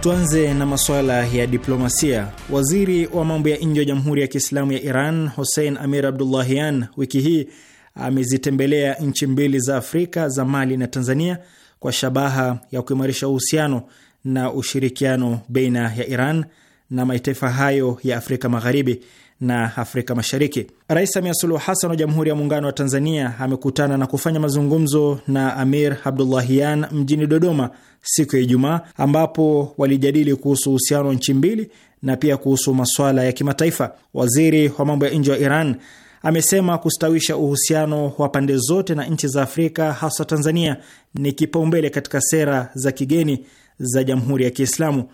tuanze na masuala ya diplomasia. Waziri wa mambo ya nje wa Jamhuri ya Kiislamu ya Iran Hussein Amir Abdullahian wiki hii amezitembelea nchi mbili za Afrika za Mali na Tanzania kwa shabaha ya kuimarisha uhusiano na ushirikiano baina ya Iran na mataifa hayo ya Afrika Magharibi na Afrika Mashariki. Rais Samia Suluhu Hassan wa Jamhuri ya Muungano wa Tanzania amekutana na kufanya mazungumzo na Amir Abdullahian mjini Dodoma siku ya Ijumaa, ambapo walijadili kuhusu uhusiano wa nchi mbili na pia kuhusu masuala ya kimataifa. Waziri wa mambo ya nje wa Iran amesema kustawisha uhusiano wa pande zote na nchi za Afrika, hasa Tanzania, ni kipaumbele katika sera za kigeni za Jamhuri ya Kiislamu,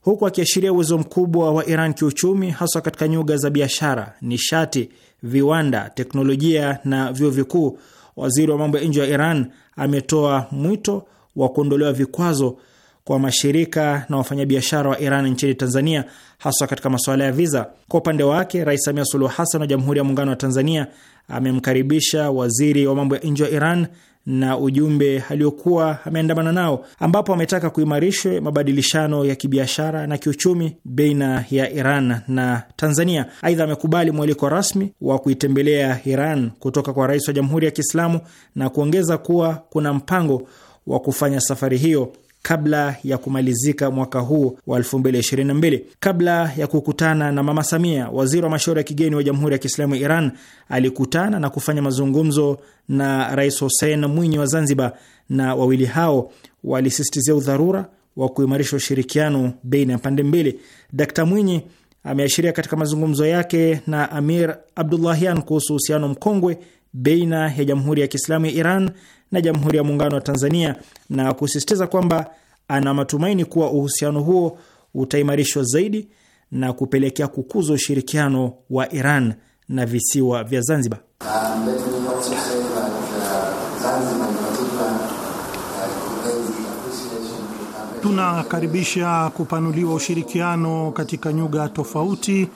huku akiashiria uwezo mkubwa wa Iran kiuchumi, haswa katika nyuga za biashara, nishati, viwanda, teknolojia na vyuo vikuu. Waziri wa mambo ya nje wa Iran ametoa mwito wa kuondolewa vikwazo kwa mashirika na wafanyabiashara wa Iran nchini Tanzania, haswa katika masuala ya viza. Kwa upande wake, Rais Samia Suluhu Hassan wa Jamhuri ya Muungano wa Tanzania amemkaribisha waziri wa mambo ya nje wa Iran na ujumbe aliokuwa ameandamana nao, ambapo ametaka kuimarishwe mabadilishano ya kibiashara na kiuchumi baina ya Iran na Tanzania. Aidha, amekubali mwaliko rasmi wa kuitembelea Iran kutoka kwa rais wa Jamhuri ya Kiislamu na kuongeza kuwa kuna mpango wa kufanya safari hiyo kabla ya kumalizika mwaka huu wa 2022. Kabla ya kukutana na Mama Samia, waziri wa mashauri ya kigeni wa Jamhuri ya Kiislamu ya Iran alikutana na kufanya mazungumzo na Rais Hussein Mwinyi wa Zanzibar, na wawili hao walisisitizia udharura wa kuimarisha ushirikiano baina ya pande mbili. Dkt Mwinyi ameashiria katika mazungumzo yake na Amir Abdullahian kuhusu uhusiano mkongwe baina ya Jamhuri ya Kiislamu ya Iran na Jamhuri ya Muungano wa Tanzania na kusisitiza kwamba ana matumaini kuwa uhusiano huo utaimarishwa zaidi na kupelekea kukuzwa ushirikiano wa Iran na visiwa vya Zanzibar. Tunakaribisha kupanuliwa ushirikiano katika nyuga tofauti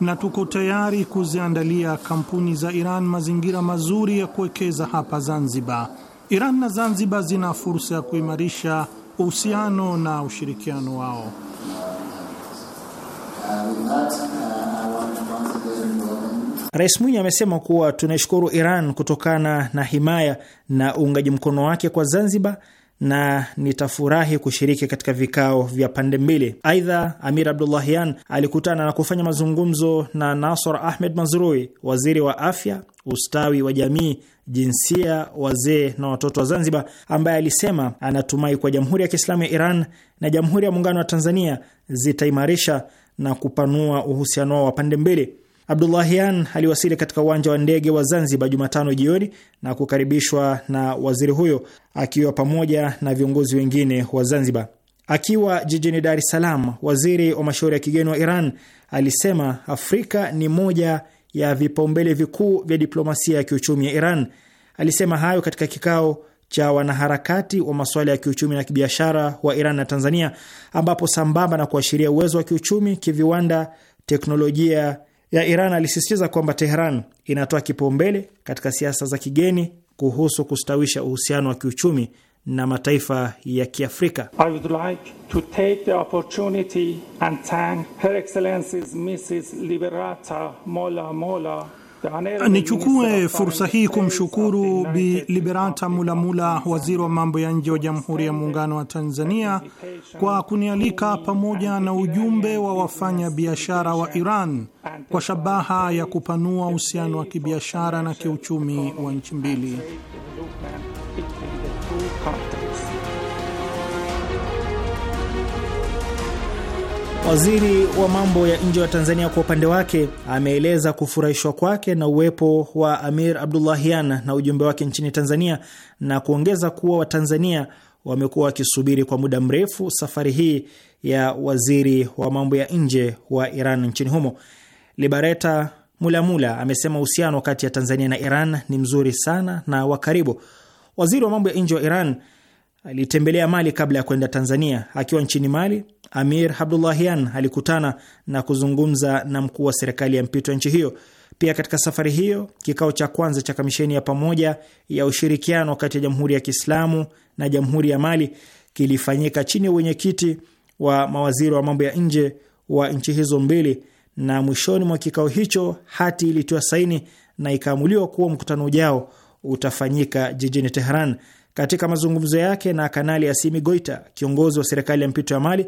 na tuko tayari kuziandalia kampuni za Iran mazingira mazuri ya kuwekeza hapa Zanzibar Iran na Zanzibar zina fursa ya kuimarisha uhusiano na ushirikiano wao. Rais Mwinyi amesema kuwa tunashukuru Iran kutokana na himaya na uungaji mkono wake kwa Zanzibar na nitafurahi kushiriki katika vikao vya pande mbili. Aidha, Amir Abdullahian alikutana na kufanya mazungumzo na Nasor Ahmed Mazrui, waziri wa afya, ustawi wa jamii, jinsia, wazee na watoto wa Zanzibar, ambaye alisema anatumai kwa Jamhuri ya Kiislamu ya Iran na Jamhuri ya Muungano wa Tanzania zitaimarisha na kupanua uhusiano wao wa pande mbili. Abdullahian aliwasili katika uwanja wa ndege wa Zanzibar Jumatano jioni na kukaribishwa na waziri huyo akiwa pamoja na viongozi wengine wa Zanzibar. Akiwa jijini Dar es Salaam, waziri wa mashauri ya kigeni wa Iran alisema Afrika ni moja ya vipaumbele vikuu vya diplomasia ya kiuchumi ya Iran. Alisema hayo katika kikao cha wanaharakati wa masuala ya kiuchumi na kibiashara wa Iran na Tanzania, ambapo sambamba na kuashiria uwezo wa kiuchumi, kiviwanda, teknolojia ya Iran alisisitiza kwamba Tehran inatoa kipaumbele katika siasa za kigeni kuhusu kustawisha uhusiano wa kiuchumi na mataifa ya Kiafrika. I would like to take the opportunity and thank Her Mrs. Liberata Mola Mola Nichukue fursa hii kumshukuru Bi Liberata Mulamula, waziri wa mambo ya nje wa Jamhuri ya Muungano wa Tanzania, kwa kunialika pamoja na ujumbe wa wafanya biashara wa Iran kwa shabaha ya kupanua uhusiano wa kibiashara na kiuchumi wa nchi mbili. Waziri wa mambo ya nje wa Tanzania kwa upande wake ameeleza kufurahishwa kwake na uwepo wa Amir Abdullahian na ujumbe wake nchini Tanzania na kuongeza kuwa Watanzania wamekuwa wakisubiri kwa muda mrefu safari hii ya waziri wa mambo ya nje wa Iran nchini humo. Libereta Mulamula amesema uhusiano kati ya Tanzania na Iran ni mzuri sana na wa karibu. Waziri wa mambo ya nje wa Iran alitembelea Mali kabla ya kwenda Tanzania. Akiwa nchini Mali, Amir Abdullahian alikutana na kuzungumza na mkuu wa serikali ya mpito ya nchi hiyo. Pia katika safari hiyo, kikao cha kwanza cha kamisheni ya pamoja ya ushirikiano kati ya Jamhuri ya Kiislamu na Jamhuri ya Mali kilifanyika chini ya uwenyekiti wa mawaziri wa mambo ya nje wa nchi hizo mbili, na mwishoni mwa kikao hicho hati ilitiwa saini na ikaamuliwa kuwa mkutano ujao utafanyika jijini teheran katika mazungumzo yake na Kanali Asimi Goita, kiongozi wa serikali ya mpito ya Mali,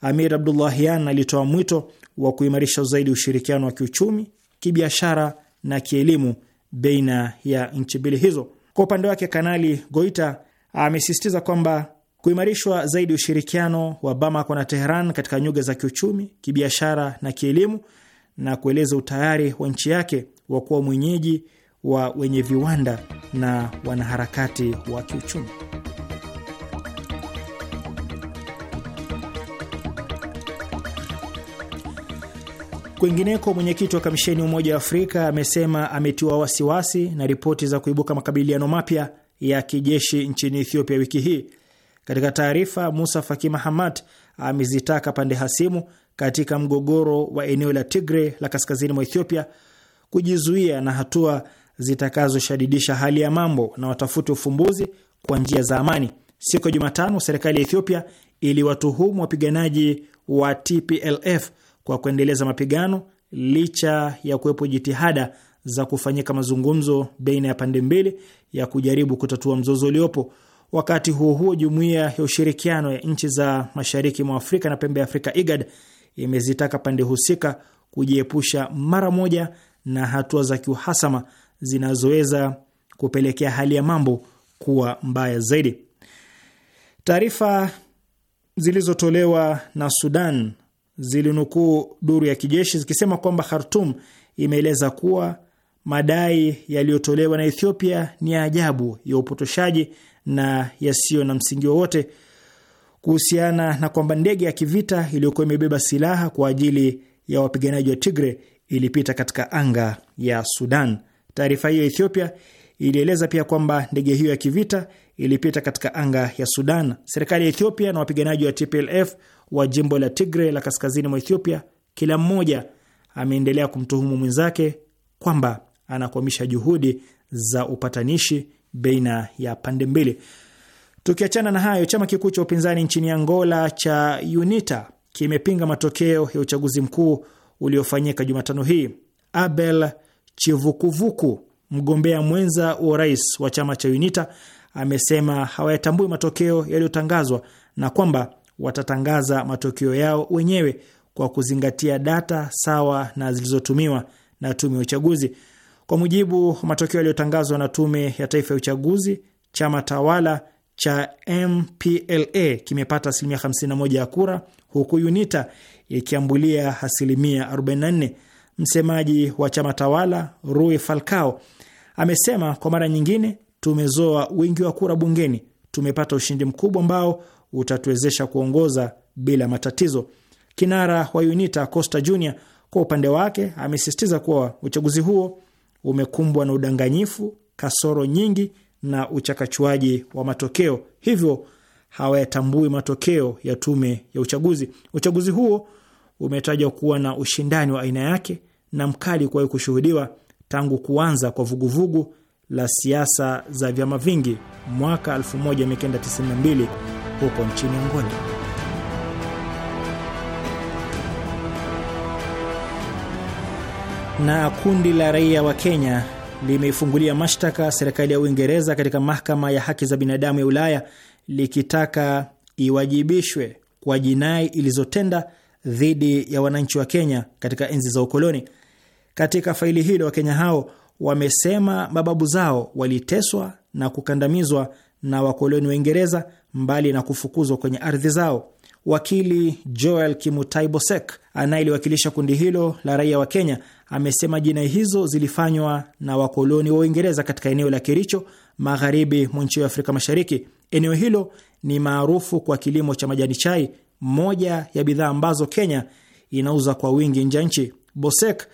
Amir Abdullahian alitoa mwito wa kuimarisha zaidi ushirikiano wa kiuchumi, kibiashara na kielimu baina ya nchi mbili hizo. Kwa upande wake, Kanali Goita amesisitiza kwamba kuimarishwa zaidi ushirikiano wa Bamako na Teheran katika nyuga za kiuchumi, kibiashara na kielimu, na kueleza utayari wa nchi yake wa kuwa mwenyeji wa wenye viwanda na wanaharakati wa kiuchumi. Kwingineko, mwenyekiti wa kamisheni ya Umoja wa Afrika amesema ametiwa wasiwasi na ripoti za kuibuka makabiliano mapya ya kijeshi nchini Ethiopia wiki hii. Katika taarifa, Musa Faki Mahamat amezitaka pande hasimu katika mgogoro wa eneo la Tigre la kaskazini mwa Ethiopia kujizuia na hatua zitakazoshadidisha hali ya mambo na watafute ufumbuzi kwa njia za amani. Siku ya Jumatano, serikali ya Ethiopia iliwatuhumu wapiganaji wa TPLF kwa kuendeleza mapigano licha ya kuwepo jitihada za kufanyika mazungumzo baina ya pande mbili ya kujaribu kutatua mzozo uliopo. Wakati huo huo, jumuiya ya ushirikiano ya nchi za mashariki mwa Afrika na pembe ya Afrika, IGAD, imezitaka pande husika kujiepusha mara moja na hatua za kiuhasama zinazoweza kupelekea hali ya mambo kuwa mbaya zaidi. Taarifa zilizotolewa na Sudan zilinukuu duru ya kijeshi zikisema kwamba Khartum imeeleza kuwa madai yaliyotolewa na Ethiopia ni ya ajabu, ya upotoshaji na yasiyo na msingi wowote kuhusiana na kwamba ndege ya kivita iliyokuwa imebeba silaha kwa ajili ya wapiganaji wa Tigre ilipita katika anga ya Sudan. Taarifa hiyo ya Ethiopia ilieleza pia kwamba ndege hiyo ya kivita ilipita katika anga ya Sudan. Serikali ya Ethiopia na wapiganaji wa TPLF wa jimbo la tigre la kaskazini mwa Ethiopia, kila mmoja ameendelea kumtuhumu mwenzake kwamba anakwamisha juhudi za upatanishi baina ya pande mbili. Tukiachana na hayo, chama kikuu cha upinzani nchini Angola cha UNITA kimepinga matokeo ya uchaguzi mkuu uliofanyika Jumatano hii. Abel Chivukuvuku, mgombea mwenza wa urais wa chama cha UNITA, amesema hawayatambui matokeo yaliyotangazwa na kwamba watatangaza matokeo yao wenyewe kwa kuzingatia data sawa na zilizotumiwa na tume ya uchaguzi. Kwa mujibu wa matokeo yaliyotangazwa na tume ya taifa ya uchaguzi, chama tawala cha MPLA kimepata asilimia 51 ya kura huku UNITA ikiambulia asilimia 44 msemaji wa chama tawala Rui Falcao amesema kwa mara nyingine, tumezoa wingi wa kura bungeni, tumepata ushindi mkubwa ambao utatuwezesha kuongoza bila matatizo. Kinara wa UNITA Costa Junior kwa upande wake amesisitiza kuwa uchaguzi huo umekumbwa na udanganyifu, kasoro nyingi na uchakachuaji wa matokeo, hivyo hawayatambui matokeo ya tume ya uchaguzi. Uchaguzi huo umetajwa kuwa na ushindani wa aina yake na mkali kuwahi kushuhudiwa tangu kuanza kwa vuguvugu vugu la siasa za vyama vingi mwaka 1992 huko nchini Angola. Na kundi la raia wa Kenya limeifungulia mashtaka serikali ya Uingereza katika mahakama ya haki za binadamu ya Ulaya likitaka iwajibishwe kwa jinai ilizotenda dhidi ya wananchi wa Kenya katika enzi za ukoloni. Katika faili hilo, Wakenya hao wamesema mababu zao waliteswa na kukandamizwa na wakoloni Waingereza, mbali na kufukuzwa kwenye ardhi zao. Wakili Joel Kimutai Bosek anayeliwakilisha kundi hilo la raia wa Kenya amesema jinai hizo zilifanywa na wakoloni wa Uingereza katika eneo la Kericho, magharibi mwa nchi ya Afrika Mashariki. Eneo hilo ni maarufu kwa kilimo cha majani chai moja ya bidhaa ambazo Kenya inauza kwa wingi nje ya nchi. Bosek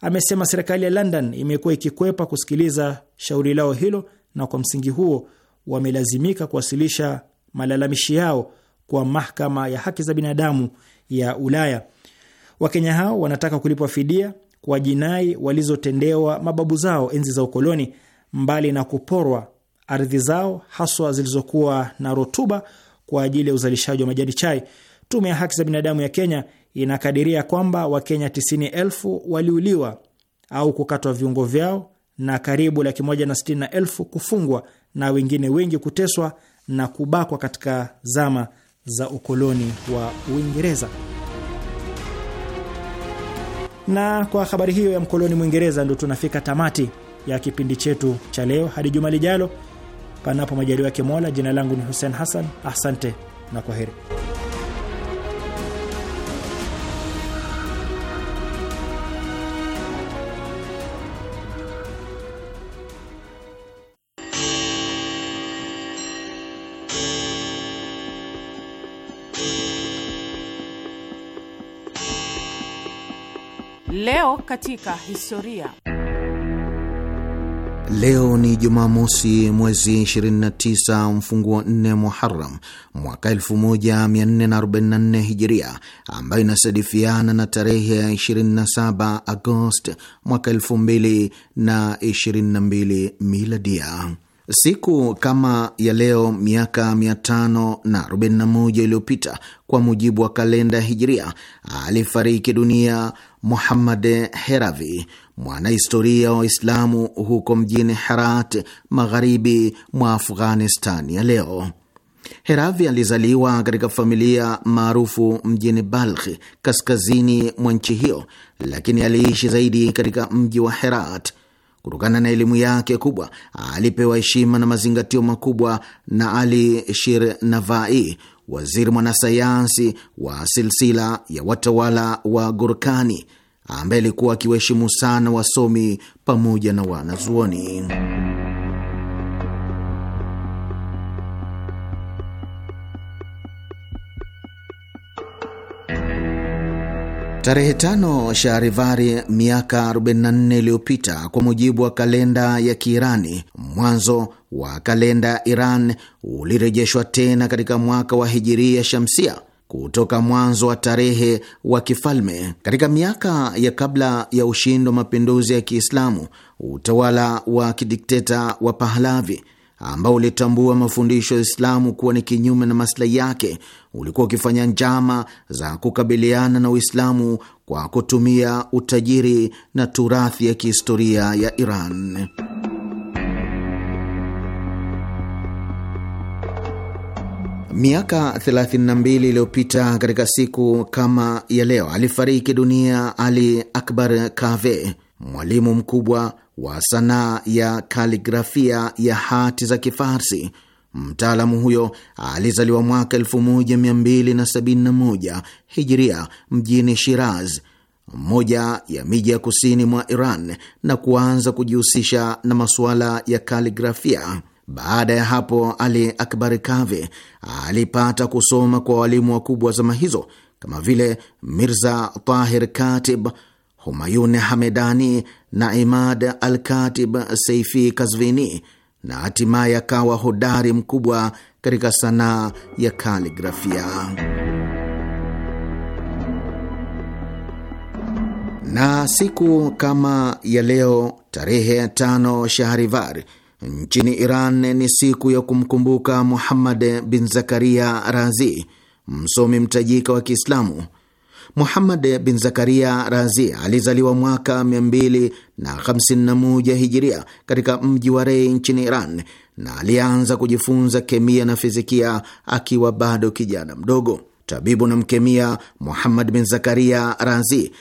amesema serikali ya London imekuwa ikikwepa kusikiliza shauri lao hilo, na kwa msingi huo wamelazimika kuwasilisha malalamishi yao kwa mahakama ya haki za binadamu ya Ulaya. Wakenya hao wanataka kulipwa fidia kwa jinai walizotendewa mababu zao enzi za ukoloni, mbali na kuporwa ardhi zao haswa zilizokuwa na rutuba kwa ajili ya uzalishaji wa majani chai. Tume ya haki za binadamu ya Kenya inakadiria kwamba Wakenya 90,000 waliuliwa au kukatwa viungo vyao na karibu laki moja na sitini na elfu kufungwa na wengine wengi kuteswa na kubakwa katika zama za ukoloni wa Uingereza. Na kwa habari hiyo ya mkoloni Mwingereza, ndo tunafika tamati ya kipindi chetu cha leo. Hadi juma lijalo, panapo majaliwa yake Mola. Jina langu ni Hussein Hassan, asante na kwa heri Leo katika historia. Leo ni Jumamosi, mwezi 29 mfunguo 4 Muharam mwaka 1444 Hijiria, ambayo inasadifiana na tarehe ya 27 Agost mwaka 2022 Miladia. Siku kama ya leo miaka 541 iliyopita kwa mujibu wa kalenda Hijria, alifariki dunia Muhammad Heravi, mwanahistoria wa Islamu huko mjini Herat, magharibi mwa Afghanistan ya leo. Heravi alizaliwa katika familia maarufu mjini Balkh, kaskazini mwa nchi hiyo, lakini aliishi zaidi katika mji wa Herat Kutokana na elimu yake kubwa, alipewa heshima na mazingatio makubwa na Ali Shir Navai, waziri mwanasayansi wa silsila ya watawala wa Gurkani, ambaye alikuwa akiwaheshimu sana wasomi pamoja na wanazuoni. Tarehe tano Shahrivari miaka 44 iliyopita kwa mujibu wa kalenda ya Kiirani, mwanzo wa kalenda Iran ulirejeshwa tena katika mwaka wa hijiria shamsia kutoka mwanzo wa tarehe wa kifalme. Katika miaka ya kabla ya ushindi wa mapinduzi ya Kiislamu, utawala wa kidikteta wa Pahlavi ambao ulitambua mafundisho ya Uislamu kuwa ni kinyume na maslahi yake, ulikuwa ukifanya njama za kukabiliana na Uislamu kwa kutumia utajiri na turathi ya kihistoria ya Iran. Miaka 32 iliyopita katika siku kama ya leo alifariki dunia Ali Akbar Kave, mwalimu mkubwa wa sanaa ya kaligrafia ya hati za Kifarsi. Mtaalamu huyo alizaliwa mwaka 1271 Hijria mjini Shiraz, mmoja ya miji ya kusini mwa Iran, na kuanza kujihusisha na masuala ya kaligrafia. Baada ya hapo, Ali Akbar Kave alipata kusoma kwa walimu wakubwa zama hizo kama vile Mirza Tahir Katib Humayun Hamedani na Imad Alkatib Seifi Kazvini, na hatimaye akawa hodari mkubwa katika sanaa ya kaligrafia. Na siku kama ya leo tarehe ya tano Shahrivar nchini Iran ni siku ya kumkumbuka Muhammad bin Zakaria Razi, msomi mtajika wa Kiislamu Muhammad bin Zakaria Razi alizaliwa mwaka 251 hijiria katika mji wa Rei nchini Iran, na alianza kujifunza kemia na fizikia akiwa bado kijana mdogo. Tabibu na mkemia Muhammad bin Zakaria Razi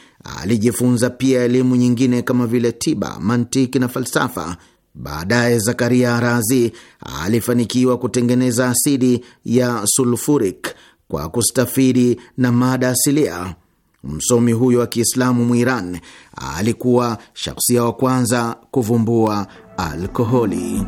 alijifunza pia elimu nyingine kama vile tiba, mantiki na falsafa. Baadaye Zakaria Razi alifanikiwa kutengeneza asidi ya sulfuric kwa kustafiri na mada asilia. Msomi huyo wa Kiislamu Mwiran alikuwa shakhsia wa kwanza kuvumbua alkoholi.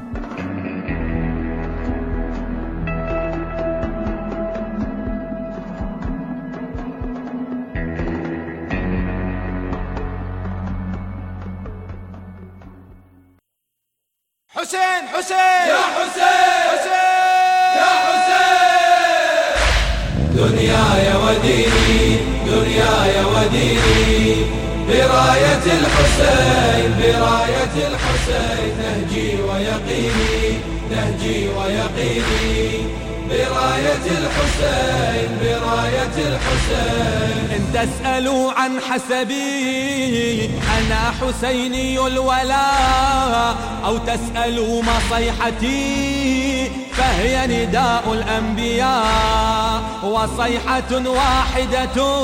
Hussein, Hussein! Ya Hussein! Hussein! دنياي وديني دنياي وديني براية الحسين براية الحسين نهجي ويقيني نهجي ويقيني براية الحسين براية الحسين إن تسألوا عن حسبي أنا حسيني الولاء أو تسألوا مصيحتي فهي نداء الأنبياء وصيحة واحدة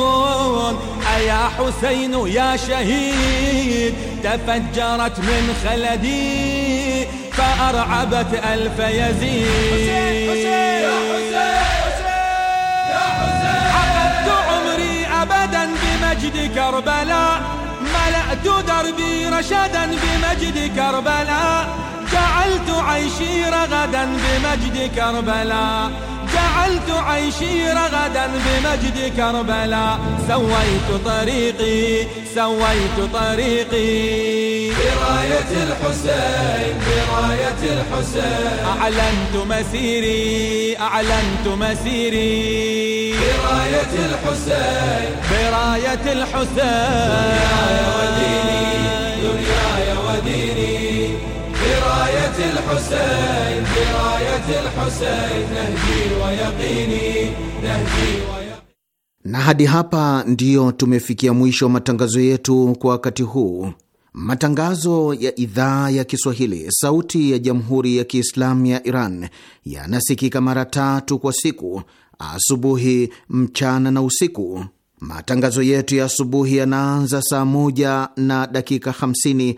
أيا حسين يا شهيد تفجرت من خلدي فأرعبت ألف يزيد حسين حسين رشدا بمجد كربلاء ملأت دربي رشدا بمجد كربلاء جعلت عيشي رغدا بمجد كربلاء جعلت عيشي رغدا بمجد كربلاء سويت طريقي سويت طريقي براية الحسين براية الحسين أعلنت مسيري أعلنت مسيري براية الحسين براية الحسين يا وديني يا وديني برايه الحسين برايه الحسين نهجي ويقيني نهجي Na hadi hapa ndiyo tumefikia mwisho wa matangazo yetu kwa wakati huu. Matangazo ya idhaa ya Kiswahili sauti ya Jamhuri ya Kiislamu ya Iran yanasikika mara tatu kwa siku: asubuhi, mchana na usiku. Matangazo yetu ya asubuhi yanaanza saa moja na dakika hamsini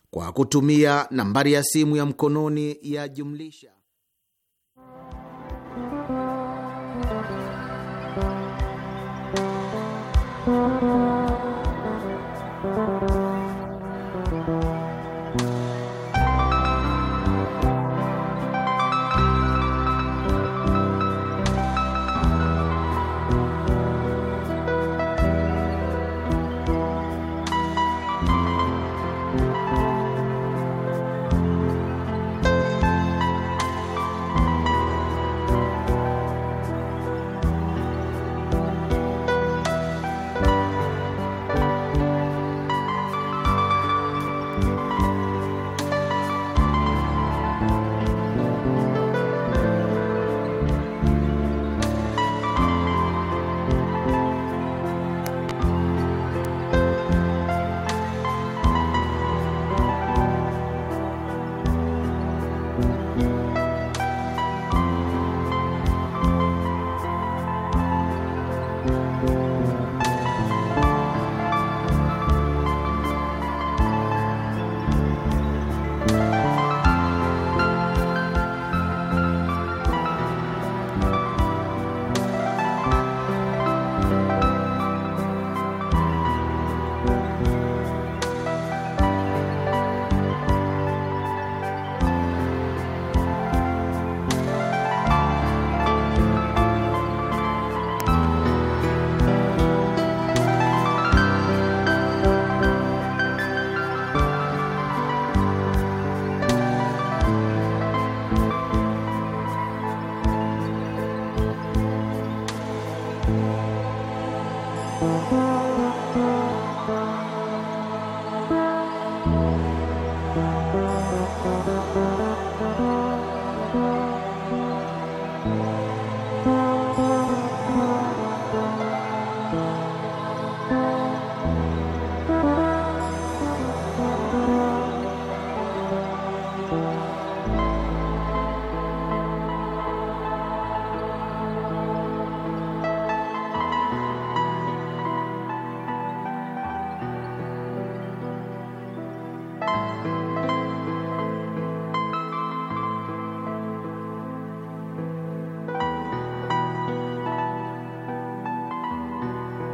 kwa kutumia nambari ya simu ya mkononi ya jumlisha